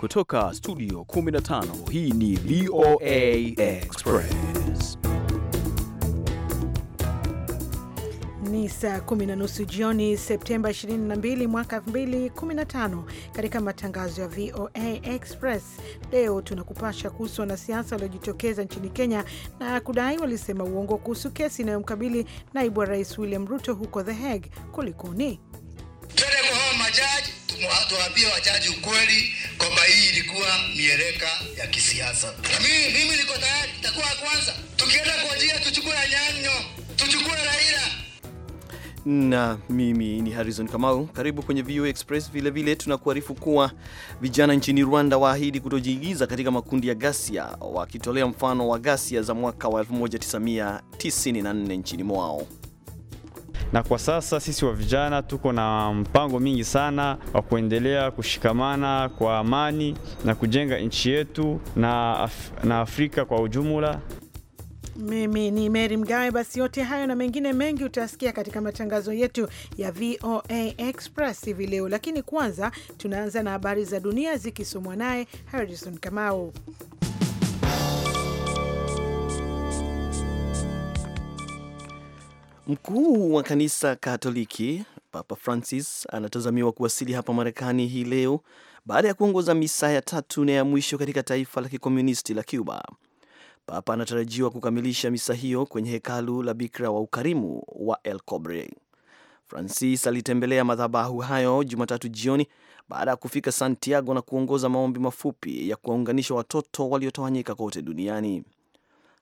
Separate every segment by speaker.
Speaker 1: Kutoka studio 15 hii ni VOA Express.
Speaker 2: Ni saa kumi na nusu jioni Septemba 22 mwaka 2015. Katika matangazo ya VOA Express leo tunakupasha kuhusu wanasiasa waliojitokeza nchini Kenya na kudai walisema uongo kuhusu kesi inayomkabili naibu wa rais William Ruto huko The Hague. Kulikoni?
Speaker 3: Tuende kwa hao majaji, tuwaambie wajaji ukweli kwamba hii ilikuwa miereka ya kisiasa. Mimi mimi niko tayari, nitakuwa kwanza, tukienda kwa njia tuchukue Nyanyo, tuchukue Raila
Speaker 1: na mimi ni Harrison Kamau. Karibu kwenye VOA Express. Vilevile tunakuarifu kuwa vijana nchini Rwanda waahidi kutojiingiza katika makundi ya ghasia, wakitolea mfano wa ghasia za mwaka wa 1994 nchini mwao
Speaker 4: na kwa sasa sisi wa vijana tuko na mpango mingi sana wa kuendelea kushikamana kwa amani na kujenga nchi yetu na, Af na Afrika kwa ujumla.
Speaker 2: Mimi ni Meri Mgawe. Basi yote hayo na mengine mengi utasikia katika matangazo yetu ya VOA Express hivi leo, lakini kwanza tunaanza na habari za dunia zikisomwa naye Harrison Kamau.
Speaker 1: Mkuu wa kanisa Katoliki Papa Francis anatazamiwa kuwasili hapa Marekani hii leo baada ya kuongoza misa ya tatu na ya mwisho katika taifa la kikomunisti la Cuba. Papa anatarajiwa kukamilisha misa hiyo kwenye hekalu la Bikira wa Ukarimu wa El Cobre. Francis alitembelea madhabahu hayo Jumatatu jioni baada ya kufika Santiago na kuongoza maombi mafupi ya kuwaunganisha watoto waliotawanyika kote duniani.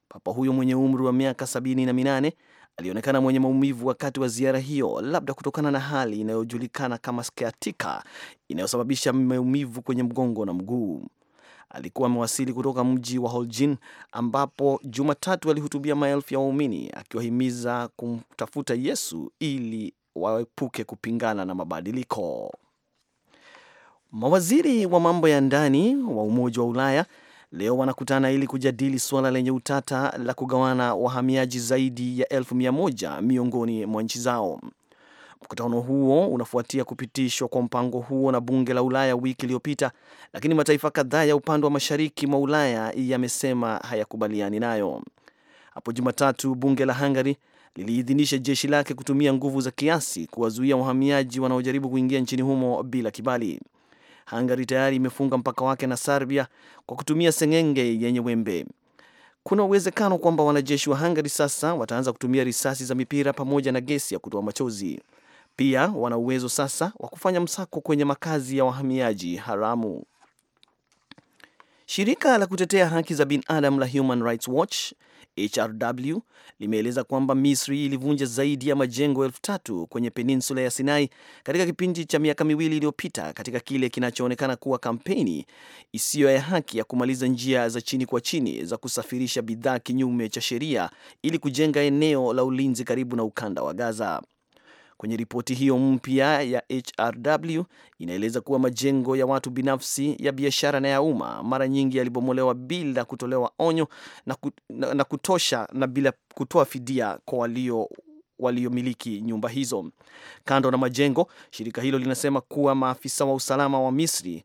Speaker 1: Papa huyo mwenye umri wa miaka sabini na minane alionekana mwenye maumivu wakati wa ziara hiyo, labda kutokana na hali inayojulikana kama sciatica inayosababisha maumivu kwenye mgongo na mguu. Alikuwa amewasili kutoka mji wa holjin ambapo Jumatatu alihutubia maelfu ya waumini akiwahimiza kumtafuta Yesu ili waepuke kupingana na mabadiliko. Mawaziri wa mambo ya ndani wa Umoja wa Ulaya leo wanakutana ili kujadili suala lenye utata la kugawana wahamiaji zaidi ya elfu mia moja miongoni mwa nchi zao. Mkutano huo unafuatia kupitishwa kwa mpango huo na bunge la Ulaya wiki iliyopita, lakini mataifa kadhaa ya upande wa mashariki mwa Ulaya yamesema hayakubaliani nayo. Hapo Jumatatu, bunge la Hungary liliidhinisha jeshi lake kutumia nguvu za kiasi kuwazuia wahamiaji wanaojaribu kuingia nchini humo bila kibali. Hungary tayari imefunga mpaka wake na Serbia kwa kutumia sengenge yenye wembe. Kuna uwezekano kwamba wanajeshi wa Hungary sasa wataanza kutumia risasi za mipira pamoja na gesi ya kutoa machozi. Pia wana uwezo sasa wa kufanya msako kwenye makazi ya wahamiaji haramu. Shirika la kutetea haki za binadamu la Human Rights Watch HRW limeeleza kwamba Misri ilivunja zaidi ya majengo elfu tatu kwenye peninsula ya Sinai katika kipindi cha miaka miwili iliyopita katika kile kinachoonekana kuwa kampeni isiyo ya haki ya kumaliza njia za chini kwa chini za kusafirisha bidhaa kinyume cha sheria ili kujenga eneo la ulinzi karibu na ukanda wa Gaza. Kwenye ripoti hiyo mpya ya HRW inaeleza kuwa majengo ya watu binafsi, ya biashara na ya umma mara nyingi yalibomolewa bila kutolewa onyo na, na, na kutosha na bila kutoa fidia kwa walio waliomiliki nyumba hizo. Kando na majengo, shirika hilo linasema kuwa maafisa wa usalama wa Misri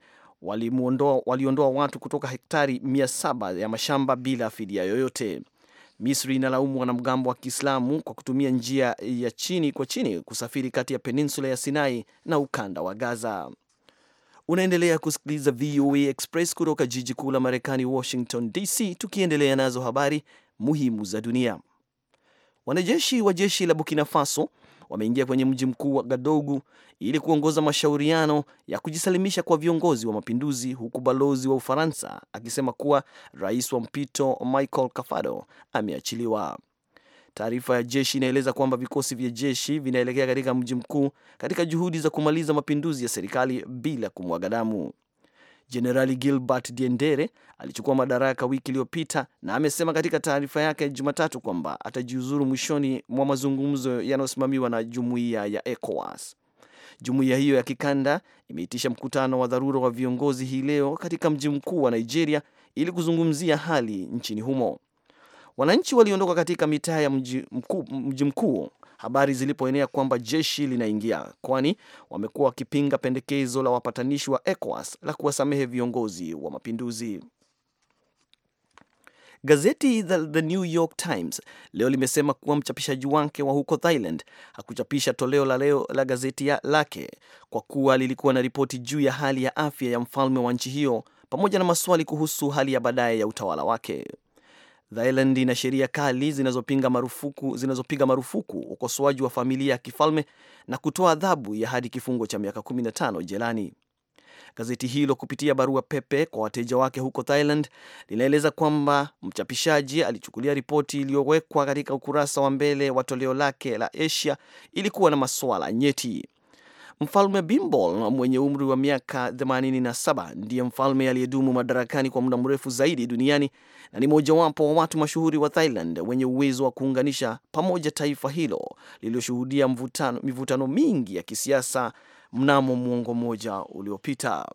Speaker 1: waliondoa watu kutoka hektari 7 ya mashamba bila fidia yoyote. Misri inalaumu wanamgambo wa Kiislamu kwa kutumia njia ya chini kwa chini kusafiri kati ya peninsula ya Sinai na ukanda wa Gaza. Unaendelea kusikiliza VOA Express kutoka jiji kuu la Marekani, Washington DC, tukiendelea nazo habari muhimu za dunia. Wanajeshi wa jeshi la Burkina Faso wameingia kwenye mji mkuu wa Gadogu ili kuongoza mashauriano ya kujisalimisha kwa viongozi wa mapinduzi, huku balozi wa Ufaransa akisema kuwa rais wa mpito Michael Kafado ameachiliwa. Taarifa ya jeshi inaeleza kwamba vikosi vya jeshi vinaelekea katika mji mkuu katika juhudi za kumaliza mapinduzi ya serikali bila kumwaga damu. Jenerali Gilbert Diendere alichukua madaraka wiki iliyopita na amesema katika taarifa yake ya Jumatatu kwamba atajiuzuru mwishoni mwa mazungumzo yanayosimamiwa na jumuiya ya ECOWAS. Jumuiya hiyo ya kikanda imeitisha mkutano wa dharura wa viongozi hii leo katika mji mkuu wa Nigeria ili kuzungumzia hali nchini humo. Wananchi waliondoka katika mitaa ya mji mkuu habari zilipoenea kwamba jeshi linaingia, kwani wamekuwa wakipinga pendekezo la wapatanishi wa ECOWAS la kuwasamehe viongozi wa mapinduzi. Gazeti The New York Times leo limesema kuwa mchapishaji wake wa huko Thailand hakuchapisha toleo la leo la gazeti ya lake kwa kuwa lilikuwa na ripoti juu ya hali ya afya ya mfalme wa nchi hiyo pamoja na maswali kuhusu hali ya baadaye ya utawala wake. Thailand ina sheria kali zinazopiga marufuku, zinazopiga marufuku ukosoaji wa familia ya kifalme na kutoa adhabu ya hadi kifungo cha miaka 15 jelani. Gazeti hilo kupitia barua pepe kwa wateja wake huko Thailand linaeleza kwamba mchapishaji alichukulia ripoti iliyowekwa katika ukurasa wa mbele wa toleo lake la Asia ilikuwa na masuala nyeti. Mfalme Bimbol mwenye umri wa miaka 87 ndiye mfalme aliyedumu madarakani kwa muda mrefu zaidi duniani na ni mojawapo wa watu mashuhuri wa Thailand wenye uwezo wa kuunganisha pamoja taifa hilo lililoshuhudia mivutano mingi ya kisiasa mnamo mwongo mmoja uliopita.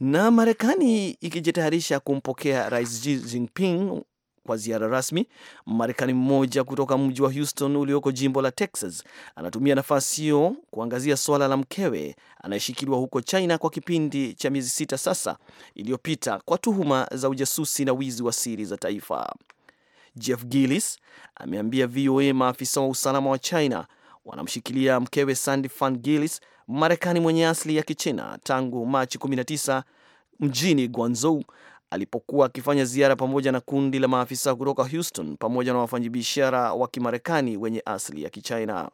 Speaker 1: Na Marekani ikijitayarisha kumpokea Rais Xi Jinping kwa ziara rasmi. Marekani mmoja kutoka mji wa Houston ulioko jimbo la Texas anatumia nafasi hiyo kuangazia swala la mkewe anayeshikiliwa huko China kwa kipindi cha miezi sita sasa iliyopita kwa tuhuma za ujasusi na wizi wa siri za taifa. Jeff Gillis ameambia VOA maafisa wa usalama wa China wanamshikilia mkewe Sandy Fan Gillis, Marekani mwenye asili ya Kichina tangu Machi 19 mjini Guangzhou alipokuwa akifanya ziara pamoja na kundi la maafisa kutoka Houston pamoja na wafanyabiashara wa Kimarekani wenye asili ya Kichina.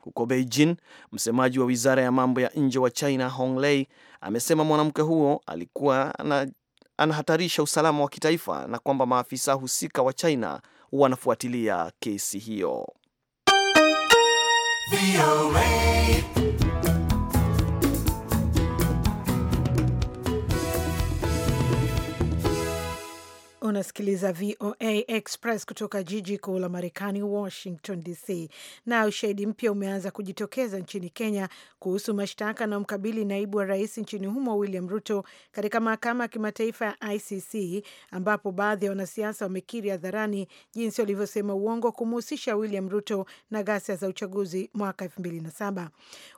Speaker 1: Huko Beijing, msemaji wa wizara ya mambo ya nje wa China Hong Lei amesema mwanamke huo alikuwa ana, anahatarisha usalama wa kitaifa na kwamba maafisa husika wa China wanafuatilia kesi hiyo.
Speaker 2: unasikiliza VOA Express kutoka jiji kuu la Marekani, Washington DC. Na ushahidi mpya umeanza kujitokeza nchini Kenya kuhusu mashtaka na mkabili naibu wa rais nchini humo William Ruto katika mahakama ya kimataifa ya ICC, ambapo baadhi ya wanasiasa wamekiri hadharani jinsi walivyosema uongo kumhusisha William Ruto na ghasia za uchaguzi mwaka 2007.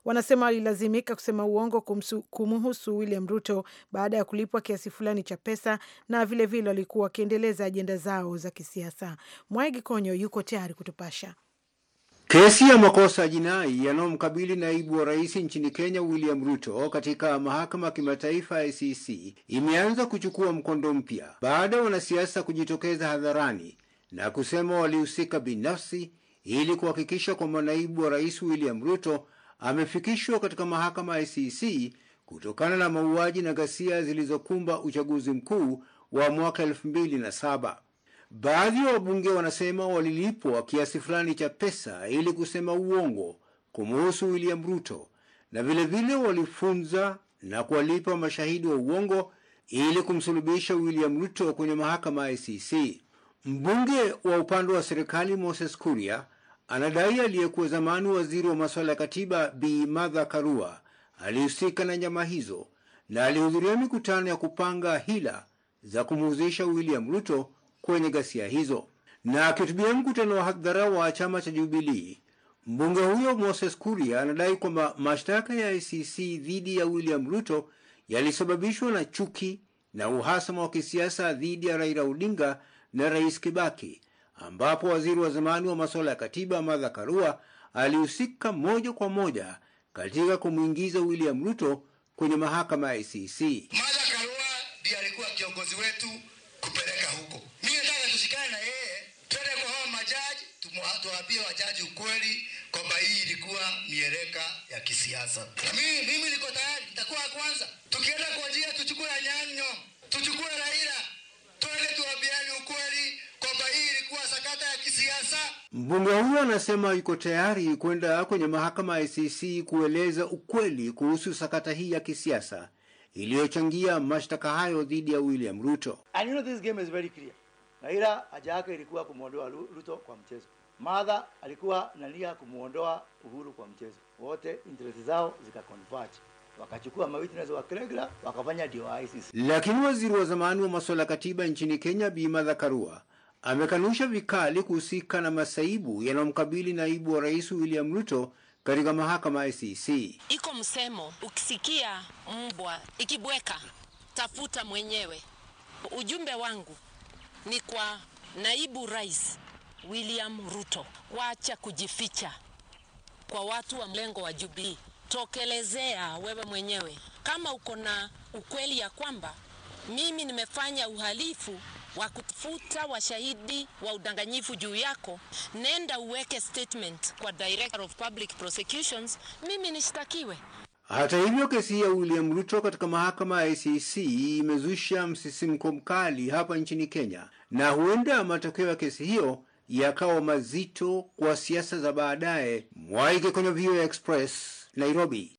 Speaker 2: Wanasema walilazimika kusema uongo kumhusu William Ruto baada ya kulipwa kiasi fulani cha pesa na vilevile walikuwa vile wakiendeleza ajenda zao za kisiasa. Mwaigi Konyo yuko tayari kutupasha.
Speaker 5: Kesi ya makosa ya jinai yanayomkabili naibu wa rais nchini Kenya William Ruto katika mahakama ya kimataifa ICC imeanza kuchukua mkondo mpya baada ya wanasiasa kujitokeza hadharani na kusema walihusika binafsi ili kuhakikisha kwamba naibu wa rais William Ruto amefikishwa katika mahakama ya ICC kutokana na mauaji na ghasia zilizokumba uchaguzi mkuu wa mwaka elfu mbili na saba. Baadhi ya wabunge wanasema walilipwa kiasi fulani cha pesa ili kusema uongo kumuhusu William Ruto, na vilevile walifunza na kuwalipa mashahidi wa uongo ili kumsulubisha William Ruto kwenye mahakama ya ICC. Mbunge wa upande wa serikali Moses Kuria anadai aliyekuwa zamani waziri wa masuala ya katiba Bi Martha Karua alihusika na nyama hizo na alihudhuria mikutano ya kupanga hila za kumhuzisha William Ruto kwenye ghasia hizo. Na akihutubia mkutano wa hadhara wa chama cha jubilii mbunge huyo Moses Kuria anadai kwamba mashtaka ya ICC dhidi ya William Ruto yalisababishwa na chuki na uhasama wa kisiasa dhidi ya Raila Odinga na Rais Kibaki, ambapo waziri wa zamani wa masuala ya katiba Martha Karua alihusika moja kwa moja katika kumwingiza William Ruto kwenye mahakama ya ICC
Speaker 3: ndiye alikuwa kiongozi wetu kupeleka huko. Mimi nataka tushikane na yeye, twende kwa hao majaji, tuwaambie wajaji ukweli kwamba hii ilikuwa miereka ya kisiasa. Na mimi mimi niko tayari, nitakuwa wa kwanza. Tukienda kwa njia, tuchukue Anyanyo, tuchukue Raila, twende tuwaambiane ukweli
Speaker 5: kwamba hii ilikuwa sakata ya kisiasa. Mbunge huyo anasema yuko tayari kwenda kwenye mahakama ya ICC kueleza ukweli kuhusu sakata hii ya kisiasa iliyochangia mashtaka hayo dhidi ya William Ruto.
Speaker 4: And you know this game is very clear. Raila haja yake ilikuwa kumwondoa Ruto kwa mchezo. Martha alikuwa nalia kumwondoa Uhuru kwa mchezo. Wote interest zao zikaconverge wakachukua mawitness wa Kregla wakafanya DOIs.
Speaker 5: Lakini waziri wa zamani wa masuala ya katiba nchini Kenya Bi Martha Karua amekanusha vikali kuhusika na masaibu yanayomkabili naibu wa rais William Ruto katika mahakama ICC.
Speaker 2: Iko msemo, ukisikia mbwa ikibweka tafuta mwenyewe. Ujumbe wangu ni kwa naibu rais William Ruto, wacha kujificha kwa watu wa mlengo wa Jubilee, tokelezea wewe mwenyewe kama uko na ukweli ya kwamba mimi nimefanya uhalifu wa kutafuta washahidi wa udanganyifu juu yako, nenda uweke statement kwa Director of Public Prosecutions, mimi nishtakiwe.
Speaker 5: Hata hivyo kesi ya William Ruto katika mahakama ya ICC imezusha msisimko mkali hapa nchini Kenya, na huenda matokeo ya kesi hiyo yakawa mazito kwa siasa za baadaye. Mwaige kwenye VOA Express, Nairobi.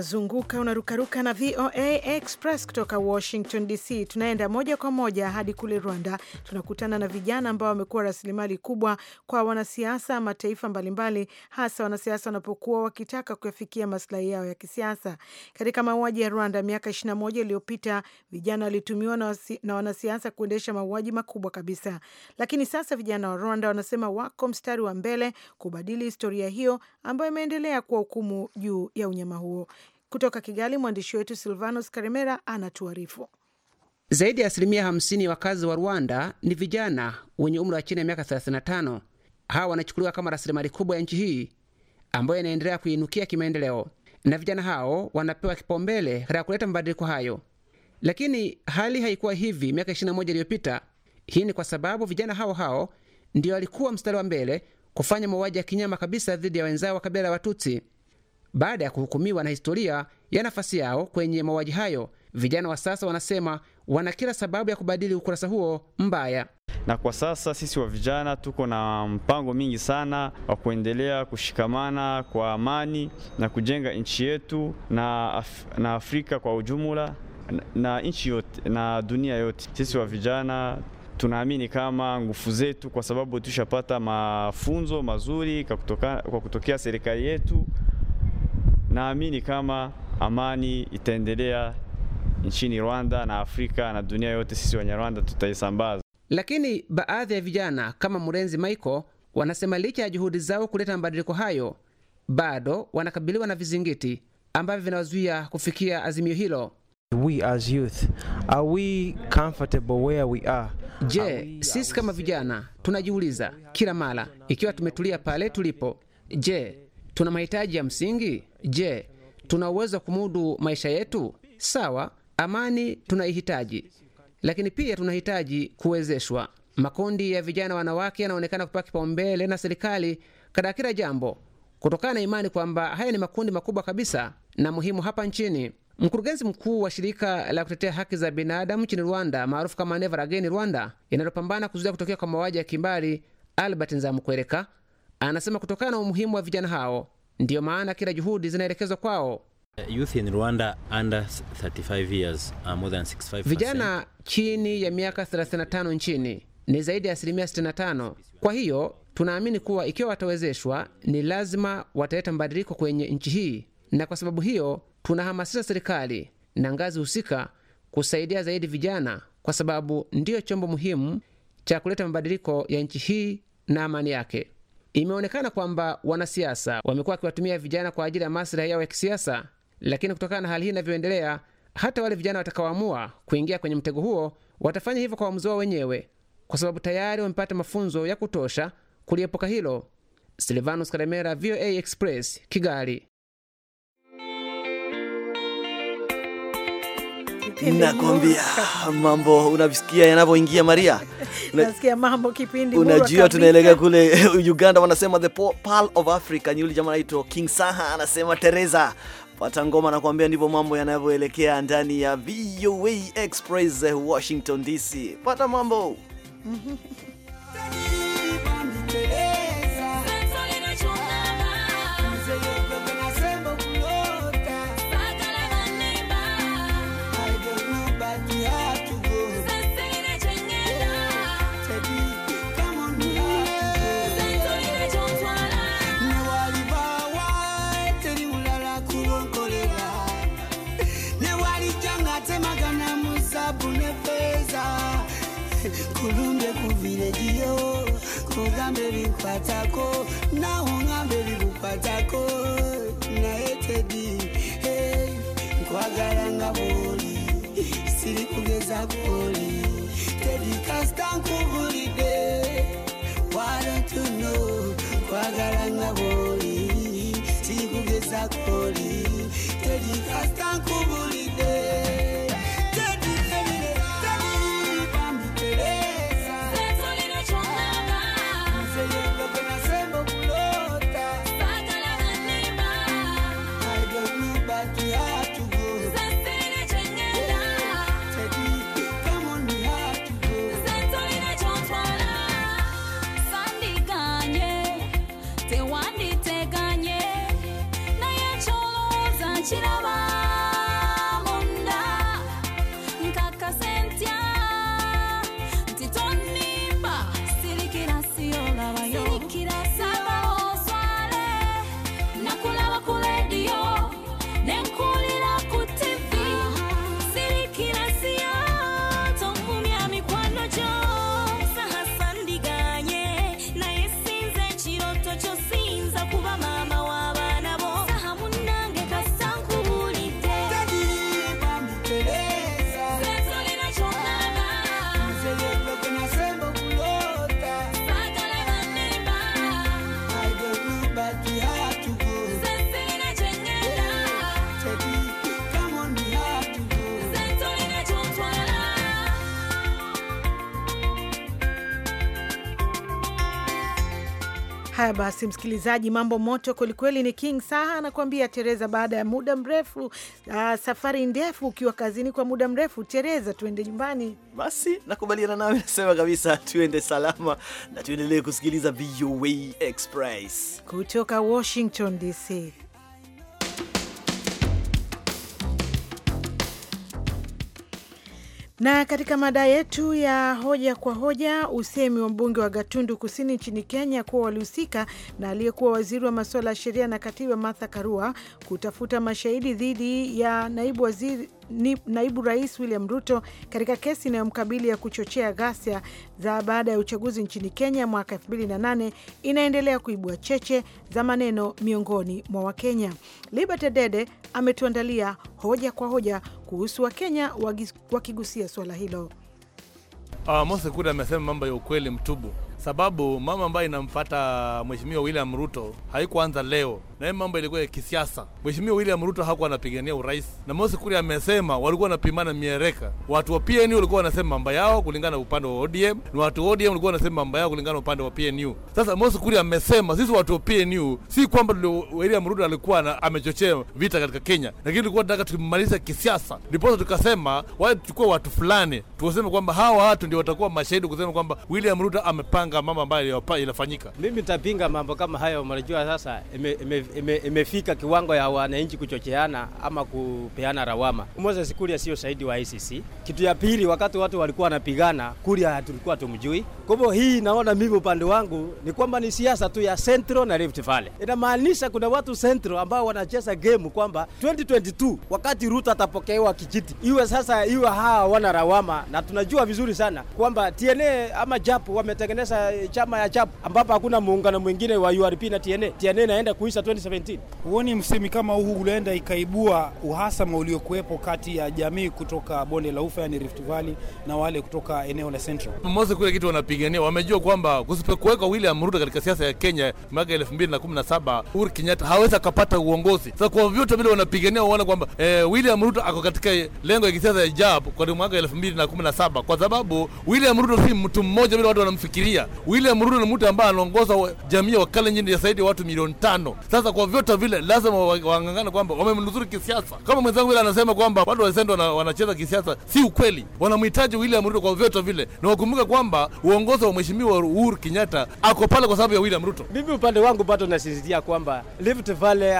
Speaker 2: unazunguka unarukaruka na VOA Express kutoka Washington DC. Tunaenda moja kwa moja hadi kule Rwanda, tunakutana na vijana ambao wamekuwa rasilimali kubwa kwa wanasiasa mataifa mbalimbali, hasa wanasiasa wanapokuwa wakitaka kuyafikia maslahi yao ya kisiasa. Katika mauaji ya Rwanda miaka 21 iliyopita, vijana walitumiwa na, na wanasiasa kuendesha mauaji makubwa kabisa, lakini sasa vijana wa Rwanda wanasema wako mstari wa mbele kubadili historia hiyo ambayo imeendelea kuwa hukumu juu ya unyama huo. Kutoka Kigali, mwandishi wetu Silvanos Karimera anatuarifu.
Speaker 6: Zaidi ya asilimia 50 ya wakazi wa Rwanda ni vijana wenye umri wa chini ya miaka 35. Hawa wanachukuliwa kama rasilimali kubwa ya nchi hii ambayo inaendelea kuinukia kimaendeleo, na vijana hao wanapewa kipaumbele katika kuleta mabadiliko hayo. Lakini hali haikuwa hivi miaka 21 iliyopita. Hii ni kwa sababu vijana hao hao ndio walikuwa mstari wa mbele kufanya mauaji ya kinyama kabisa dhidi ya wenzao wa kabila la Watutsi baada ya kuhukumiwa na historia ya nafasi yao kwenye mauaji hayo. Vijana wa sasa wanasema wana kila sababu ya kubadili ukurasa huo mbaya.
Speaker 4: Na kwa sasa sisi wa vijana tuko na mpango mingi sana wa kuendelea kushikamana kwa amani na kujenga nchi yetu na, Af na Afrika kwa ujumla na, na nchi yote na dunia yote. Sisi wa vijana tunaamini kama nguvu zetu, kwa sababu tushapata mafunzo mazuri kwa kutokea serikali yetu naamini kama amani itaendelea nchini Rwanda na Afrika na dunia yote, sisi Wanyarwanda
Speaker 6: tutaisambaza. Lakini baadhi ya vijana kama Murenzi Michael wanasema licha ya juhudi zao kuleta mabadiliko hayo, bado wanakabiliwa na vizingiti ambavyo vinawazuia kufikia azimio hilo. We as youth, are we comfortable where we are? Je, sisi kama vijana tunajiuliza kila mara, ikiwa tumetulia pale tulipo, je Tuna mahitaji ya msingi. Je, tuna uwezo wa kumudu maisha yetu? Sawa, amani tunaihitaji, lakini pia tunahitaji kuwezeshwa. Makundi ya vijana wanawake yanaonekana kupewa kipaumbele na serikali katika kila jambo, kutokana na imani kwamba haya ni makundi makubwa kabisa na muhimu hapa nchini. Mkurugenzi mkuu wa shirika la kutetea haki za binadamu nchini Rwanda maarufu kama Never Rwanda, inalopambana kuzuia kutokea kwa mawaji ya kimbari, Albert Nzamukwereka Anasema kutokana na umuhimu wa vijana hao ndiyo maana kila juhudi zinaelekezwa kwao. Youth
Speaker 4: in Rwanda under 35 years are more than 65%. Vijana
Speaker 6: chini ya miaka 35 nchini ni zaidi ya asilimia 65. Kwa hiyo tunaamini kuwa ikiwa watawezeshwa, ni lazima wataleta mabadiliko kwenye nchi hii, na kwa sababu hiyo tunahamasisha serikali na ngazi husika kusaidia zaidi vijana, kwa sababu ndiyo chombo muhimu cha kuleta mabadiliko ya nchi hii na amani yake. Imeonekana kwamba wanasiasa wamekuwa wakiwatumia vijana kwa ajili ya maslahi yao ya kisiasa, lakini kutokana na hali hii inavyoendelea, hata wale vijana watakaoamua kuingia kwenye mtego huo watafanya hivyo kwa uamuzi wao wenyewe, kwa sababu tayari wamepata mafunzo ya kutosha kuliepuka hilo. Silvanus Karemera, VOA Express, Kigali.
Speaker 2: kipindi nakwambia,
Speaker 6: mambo unavisikia
Speaker 1: yanavyoingia Maria.
Speaker 2: Nasikia mambo kipindi. Unajua tunaelekea
Speaker 1: kule Uganda, wanasema the Pearl of Africa. Yule jamaa anaitwa King Saha anasema Teresa pata ngoma nakuambia ndivyo mambo yanavyoelekea ndani ya VOA Express Washington DC. Pata mambo
Speaker 3: kulumbe kuvirejiyo kugambe bikwatako nawe ugambe bigukwatako naye tedi hey, nkwagala nga bwoli siri kugeza kwoli tedi not you know? nkwagala nga bwoli siri kugeza kwoli tedi kasita nkubulidde
Speaker 2: Haya basi, msikilizaji, mambo moto kwelikweli. Ni King Saha anakuambia Tereza, baada ya muda mrefu uh, safari ndefu, ukiwa kazini kwa muda mrefu. Tereza, tuende nyumbani. Basi nakubaliana nawe,
Speaker 1: nasema kabisa, tuende salama na tuendelee kusikiliza VOA Express
Speaker 2: kutoka Washington DC. Na katika mada yetu ya hoja kwa hoja, usemi wa mbunge wa Gatundu Kusini nchini Kenya kuwa walihusika na aliyekuwa waziri wa masuala ya sheria na katiba Martha Karua kutafuta mashahidi dhidi ya naibu waziri naibu rais William Ruto katika kesi inayomkabili ya kuchochea ghasia za baada ya uchaguzi nchini Kenya mwaka 2008 inaendelea kuibua cheche za maneno miongoni mwa Wakenya. Liberty Dede ametuandalia hoja kwa hoja kuhusu Wakenya wakigusia suala hilo.
Speaker 7: Uh, ah, Mose amesema mambo ya ukweli mtubu sababu mambo ambayo inampata Mheshimiwa William Ruto haikuanza leo, na hiyo mambo ilikuwa ya kisiasa. Mheshimiwa William Ruto hakuwa anapigania urais, na Moses Kuria amesema walikuwa wanapimana miereka. Watu wa PNU walikuwa wanasema mambo yao kulingana na upande wa ODM, na watu wa ODM walikuwa wanasema mambo yao kulingana na upande wa PNU. Sasa Moses Kuria amesema sisi watu wa PNU, si kwamba William Ruto alikuwa amechochea vita katika Kenya, lakini tulikuwa tunataka tumalize kisiasa, ndipo tukasema wae tuchukue watu fulani, tuwaseme kwamba hawa watu ndio watakuwa mashahidi kusema kwamba William Ruto amepanga kupanga mambo ambayo yanafanyika. Mimi nitapinga mambo kama
Speaker 4: hayo. Unajua sasa imefika ime, ime, ime kiwango ya wananchi kuchocheana ama kupeana rawama. Moses Kuria sio shahidi wa ICC. Kitu ya pili, wakati watu walikuwa wanapigana, Kuria tulikuwa tumjui. Kwa hivyo hii naona mimi upande wangu ni kwamba ni siasa tu ya Central na Rift Valley. Inamaanisha kuna watu Central ambao wanacheza game kwamba 2022 wakati Ruto atapokewa kijiti, iwe sasa iwe hawa wana rawama, na tunajua vizuri sana kwamba TNA ama JAP wametengeneza Eh, chama ya CHAP ambapo hakuna muungano mwingine wa URP na TNA. TNA inaenda kuisha 2017. Huoni msemi kama huu ulienda ikaibua uhasama uliokuwepo kati ya jamii kutoka bonde la Ufa, yani Rift Valley, na wale kutoka eneo la
Speaker 7: Central? Mmoja kule kitu wanapigania, wamejua kwamba kusipokuweka William Ruto katika siasa ya Kenya mwaka 2017 Uhuru Kenyatta hawezi akapata uongozi. Sasa kwa vyote vile wanapigania waona kwamba eh, William Ruto ako katika lengo ya kisiasa ya jab kwa mwaka 2017 kwa sababu William Ruto si mtu mmoja vile watu wanamfikiria. William Ruto ni mtu ambaye anaongoza jamii ya Wakalenjin ya zaidi ya watu milioni tano. Sasa kwa vyote vile lazima wang'ang'ane kwamba wamemnuzuru kisiasa. Kama mwenzangu vile anasema kwamba watu wazendo wanacheza kisiasa, si ukweli. Wanamhitaji William Ruto kwa vyote vile, na wakumbuke kwamba uongozi wa mheshimiwa Uhuru Kenyatta ako pale kwa sababu ya William Ruto.
Speaker 4: Mimi upande wangu bado nasisitia kwamba Rift Valley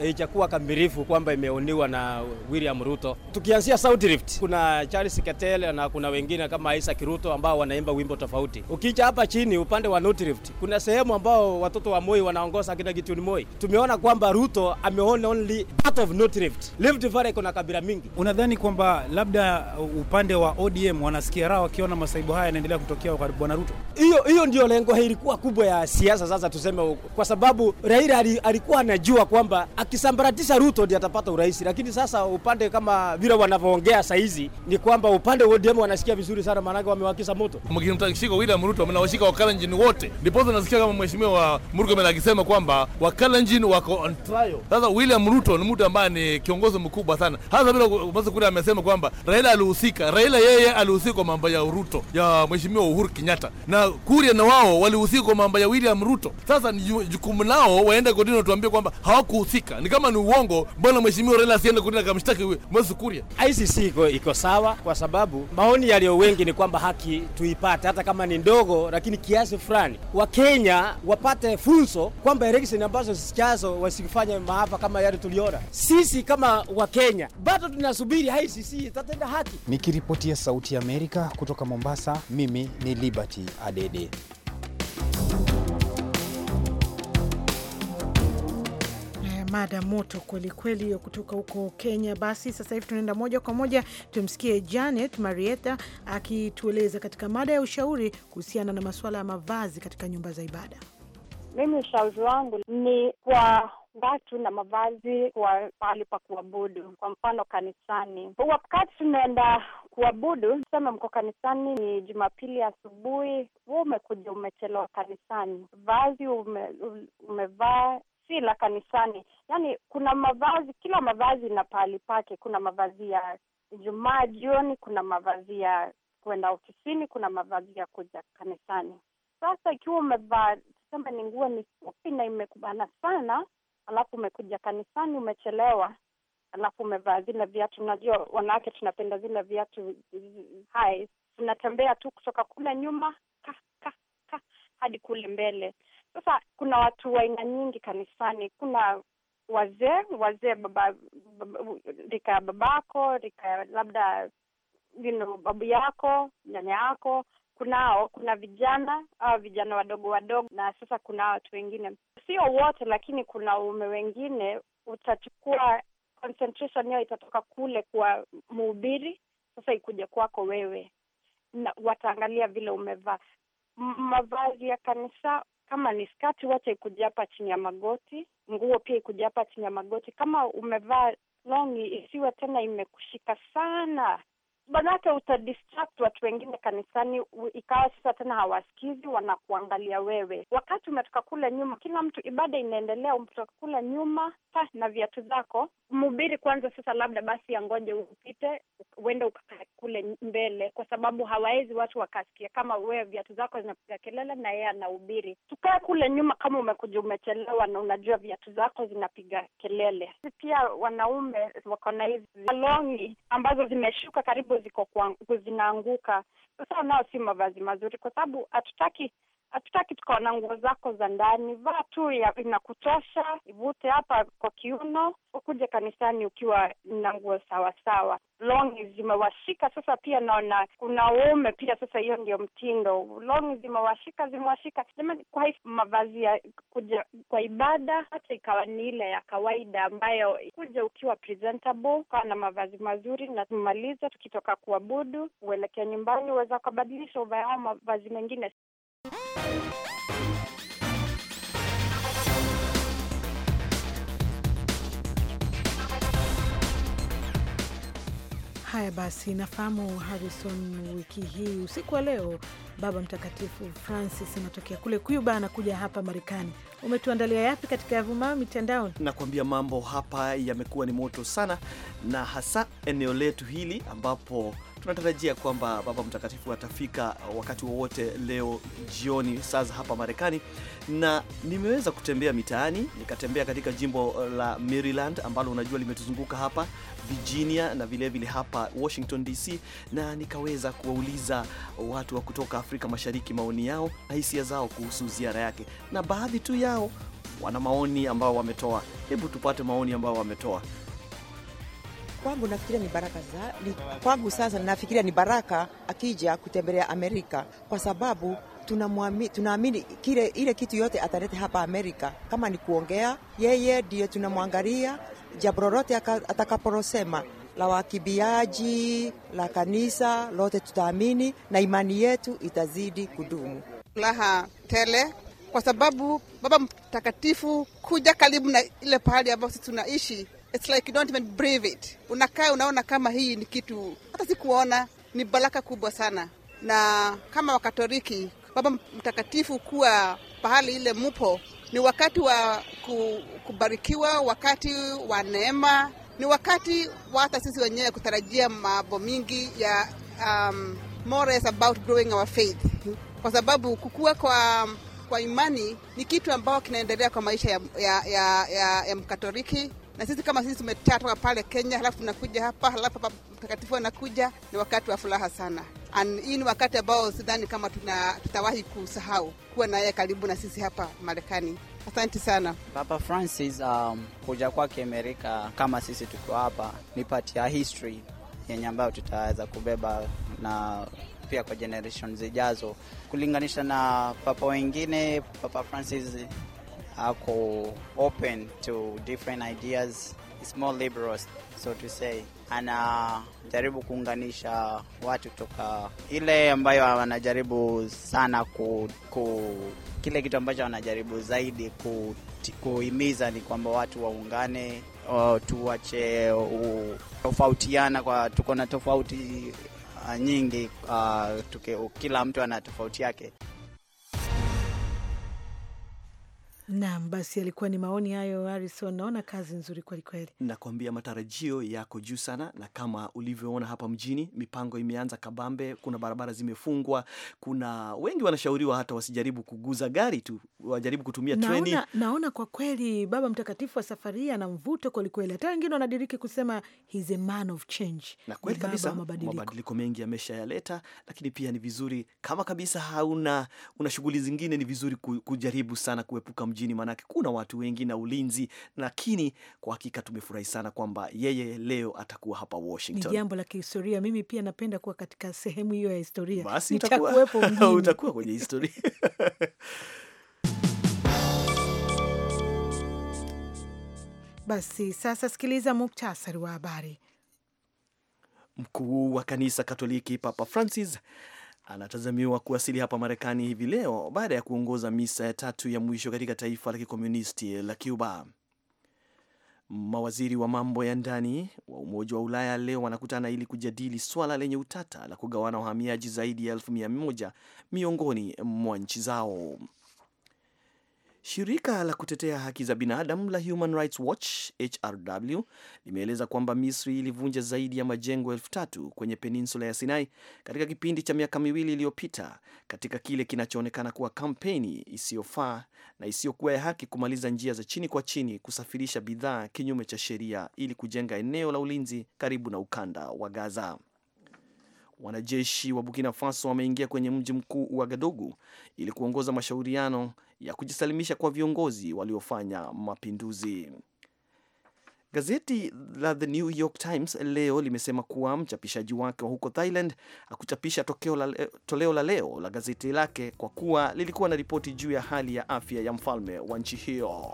Speaker 4: haijakuwa kamilifu, kwamba imeoniwa na William Ruto. Tukianzia South Rift kuna Charles Ketel na kuna wengine kama Isaac Ruto ambao wanaimba wimbo tofauti. Ukija hapa chini upande wa North Rift, kuna sehemu ambao watoto wa Moi wanaongoza kina kitu ni Moi. Tumeona kwamba Ruto ameona only part of North Rift. Rift Valley iko kabila mingi. Unadhani kwamba labda upande wa ODM wanasikia raha wakiona masaibu haya yanaendelea kutokea kwa Bwana Ruto? Hiyo hiyo ndio lengo ilikuwa kubwa ya siasa sasa, tuseme huko, kwa sababu Raila alikuwa anajua kwamba akisambaratisha Ruto ndiye atapata urais, lakini sasa upande kama vile wanavyoongea hizi ni kwamba upande wa ODM wanasikia vizuri sana, maanake wamewakisa
Speaker 7: moto. Mkimtashika William Ruto mnawashika wanahitajika Wakalenjin wote. Ndiposa nasikia kama mheshimiwa Murkomen akisema kwamba Wakalenjin wako on trial. Sasa William Ruto ni mtu ambaye ni kiongozi mkubwa sana, hasa bila Masekuri amesema kwamba Raila alihusika. Raila yeye alihusika kwa mambo ya Ruto ya mheshimiwa Uhuru Kenyatta, na Kuria na wao walihusika kwa mambo ya William Ruto. Sasa ni jukumu lao waende kotini watuambie kwamba hawakuhusika. Ni kama ni uongo, mbona mheshimiwa Raila asiende kotini akamshtaki Moses Kuria? ICC iko, iko sawa kwa sababu maoni yaliyo wengi ni kwamba haki
Speaker 4: tuipate hata kama ni ndogo, lakini ni kiasi fulani, Wakenya wapate funzo kwamba election ambazo zijazo wasifanye maafa kama yale tuliona. Sisi kama Wakenya bado tunasubiri ICC itatenda haki. Nikiripotia Sauti ya Amerika kutoka Mombasa, mimi ni Liberty Adede.
Speaker 2: Mada moto kweli kweli hiyo kutoka huko Kenya. Basi sasa hivi tunaenda moja kwa moja tumsikie Janet Marieta akitueleza katika mada ya ushauri kuhusiana na masuala ya mavazi katika nyumba za ibada.
Speaker 8: Mimi ushauri wangu ni kwa watu na mavazi kwa pahali pa kuabudu. Kwa mfano kanisani, wakati tunaenda kuabudu, tuseme mko kanisani, ni Jumapili asubuhi, hu umekuja umechelewa kanisani, vazi umevaa ume si la kanisani. Yani kuna mavazi, kila mavazi na pahali pake. Kuna mavazi ya jumaa jioni, kuna mavazi ya kwenda ofisini, kuna mavazi ya kuja kanisani. Sasa ikiwa umevaa tuseme ni nguo ni fupi na imekubana sana, alafu umekuja kanisani umechelewa, alafu umevaa zile viatu, unajua wanawake tunapenda zile viatu hai, tunatembea tu kutoka kule nyuma ka, ka, ka, hadi kule mbele sasa kuna watu wa aina nyingi kanisani. Kuna wazee wazee, baba, rika ya babako, rika ya labda you know, babu yako, nyanya yako kunao kuna vijana au vijana wadogo wadogo, na sasa kuna watu wengine, sio wote, lakini kuna ume wengine utachukua concentration itatoka kule kwa mhubiri, sasa ikuja kwako wewe, na wataangalia vile umevaa,
Speaker 3: mavazi
Speaker 8: ya kanisa kama ni skati, wacha ikuja hapa chini ya magoti. Nguo pia ikuja hapa chini ya magoti. Kama umevaa longi, isiwe tena imekushika sana, manake utadistract watu wengine kanisani, ikawa sasa tena hawasikizi, wanakuangalia wewe. Wakati umetoka kule nyuma, kila mtu ibada inaendelea, umetoka kule nyuma ta, na viatu zako mhubiri kwanza, sasa labda basi angoje upite, uende ukakae kule mbele, kwa sababu hawawezi watu wakasikia kama wewe viatu zako zinapiga kelele na yeye anahubiri. Tukae kule nyuma kama umekuja umechelewa na unajua viatu zako zinapiga kelele. Pia wanaume wako na hizi longi ambazo zimeshuka karibu ziko zinaanguka. Sasa nao si mavazi mazuri, kwa sababu hatutaki hatutaki tukawa na nguo zako za ndani, vaa tu inakutosha, ivute hapa kwa kiuno, ukuje kanisani ukiwa na nguo sawasawa, longi zimewashika. Sasa pia naona kuna uume pia, sasa hiyo ndio mtindo, longi zimewashika, zimewashika. Jamani, kwa mavazi ya kuja kwa ibada, hata ikawa ni ile ya kawaida ambayo kuja ukiwa presentable, ukawa na mavazi mazuri, na tumaliza tukitoka kuabudu, uelekea nyumbani, uweza ukabadilisha uvaao mavazi mengine.
Speaker 2: Haya basi, nafahamu Harrison, wiki hii usiku wa leo Baba Mtakatifu Francis anatokea kule Cuba anakuja hapa Marekani. Umetuandalia yapi katika yavumao mitandaoni?
Speaker 1: Nakuambia mambo hapa yamekuwa ni moto sana, na hasa eneo letu hili ambapo tunatarajia kwamba Baba Mtakatifu atafika wakati wowote leo jioni saa za hapa Marekani, na nimeweza kutembea mitaani, nikatembea katika jimbo la Maryland ambalo unajua limetuzunguka hapa Virginia na vilevile vile hapa Washington DC, na nikaweza kuwauliza watu wa kutoka Afrika Mashariki maoni yao na hisia zao kuhusu ziara yake, na baadhi tu yao wana maoni ambao wametoa. Hebu tupate maoni ambao wametoa
Speaker 2: kwangu nafikiria ni baraka za, ni, kwangu sasa nafikiria ni baraka akija kutembelea Amerika kwa sababu tunaamini kile ile kitu yote atalete hapa Amerika, kama ni kuongea, yeye ndiye tunamwangalia. Jambo lolote atakaporosema la wakibiaji la kanisa lote, tutaamini na imani yetu itazidi kudumu. Furaha tele kwa sababu Baba Mtakatifu kuja karibu na ile pahali ambayo sisi tunaishi. It's like you don't even breathe it. Unakaa unaona kama hii ni kitu hata sikuona. Ni baraka kubwa sana, na kama Wakatoriki, Baba Mtakatifu kuwa pahali ile mupo, ni wakati wa kubarikiwa, wakati wa neema, ni wakati wa hata sisi wenyewe kutarajia mambo mingi ya um, more is about growing our faith, kwa sababu kukua kwa kwa imani ni kitu ambayo kinaendelea kwa maisha ya, ya, ya, ya, ya Mkatoliki na sisi kama sisi tumetaa pale Kenya, halafu tunakuja hapa, halafu Mtakatifu anakuja, ni wakati wa furaha sana. Hii ni wakati ambao sidhani kama tuna, tutawahi kusahau kuwa naye karibu na sisi hapa Marekani. Asante
Speaker 4: sana Papa Francis. Um, kuja kwake Amerika kama sisi tuko hapa ni pati ya history yenye ambayo tutaweza kubeba na pia kwa generation zijazo kulinganisha na papa wengine. Papa Francis ako open to different ideas, is more liberal so to say. Anajaribu kuunganisha watu toka ile ambayo anajaribu sana ku, ku kile kitu ambacho anajaribu zaidi ku, kuhimiza ni kwamba watu waungane, tuwache tofautiana, kwa tuko na tofauti uh, nyingi, uh, tuke, kila mtu ana tofauti yake.
Speaker 2: Naam, basi alikuwa ni maoni hayo Harrison. Naona kazi nzuri kweli
Speaker 1: kweli, matarajio yako juu sana, na kama ulivyoona hapa mjini mipango imeanza kabambe, kuna barabara zimefungwa, kuna wengi wanashauriwa hata wasijaribu kuguza gari tu, wajaribu kutumia treni. Naona,
Speaker 2: naona kwa kweli Baba Mtakatifu wa safari ana mvuto kweli kweli, hata wengine wanadiriki kusema he's a man of change, na kweli kabisa mabadiliko
Speaker 1: mengi yaleta, lakini pia ni vizuri kama kabisa hauna una shughuli zingine, ni vizuri kujaribu sana kuepuka mjini, maanake kuna watu wengi na ulinzi. Lakini kwa hakika tumefurahi sana kwamba yeye leo atakuwa hapa Washington. Ni jambo
Speaker 2: la kihistoria. Mimi pia napenda kuwa katika sehemu hiyo ya historia. Basi utakuwa,
Speaker 1: utakuwa kwenye historia
Speaker 2: Basi sasa sikiliza muktasari wa habari.
Speaker 1: Mkuu wa kanisa Katoliki Papa Francis anatazamiwa kuwasili hapa Marekani hivi leo baada ya kuongoza misa ya tatu ya mwisho katika taifa la kikomunisti la Cuba. Mawaziri wa mambo ya ndani wa Umoja wa Ulaya leo wanakutana ili kujadili swala lenye utata la kugawana wahamiaji zaidi ya elfu mia moja miongoni mwa nchi zao. Shirika la kutetea haki za binadamu la Human Rights Watch HRW limeeleza kwamba Misri ilivunja zaidi ya majengo elfu tatu kwenye peninsula ya Sinai katika kipindi cha miaka miwili iliyopita katika kile kinachoonekana kuwa kampeni isiyofaa na isiyokuwa ya haki kumaliza njia za chini kwa chini kusafirisha bidhaa kinyume cha sheria ili kujenga eneo la ulinzi karibu na ukanda wa Gaza. Wanajeshi wa Burkina Faso wameingia kwenye mji mkuu wa Gadugu ili kuongoza mashauriano ya kujisalimisha kwa viongozi waliofanya mapinduzi. Gazeti la The New York Times leo limesema kuwa mchapishaji wake wa huko Thailand hakuchapisha toleo la leo la gazeti lake kwa kuwa lilikuwa na ripoti juu ya hali ya afya ya mfalme wa nchi hiyo.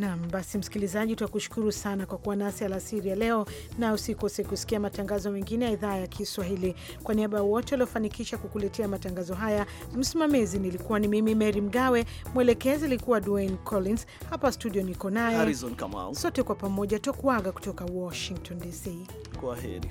Speaker 2: Nam basi, msikilizaji, tunakushukuru sana kwa kuwa nasi alasiri ya leo, na usikose kusikia matangazo mengine ya idhaa ya Kiswahili. Kwa niaba ya wote waliofanikisha kukuletea matangazo haya, msimamizi nilikuwa ni mimi Mary Mgawe, mwelekezi alikuwa Dwayne Collins, hapa studio niko naye Sote kwa pamoja twakuaga kutoka Washington DC.
Speaker 1: Kwa heri.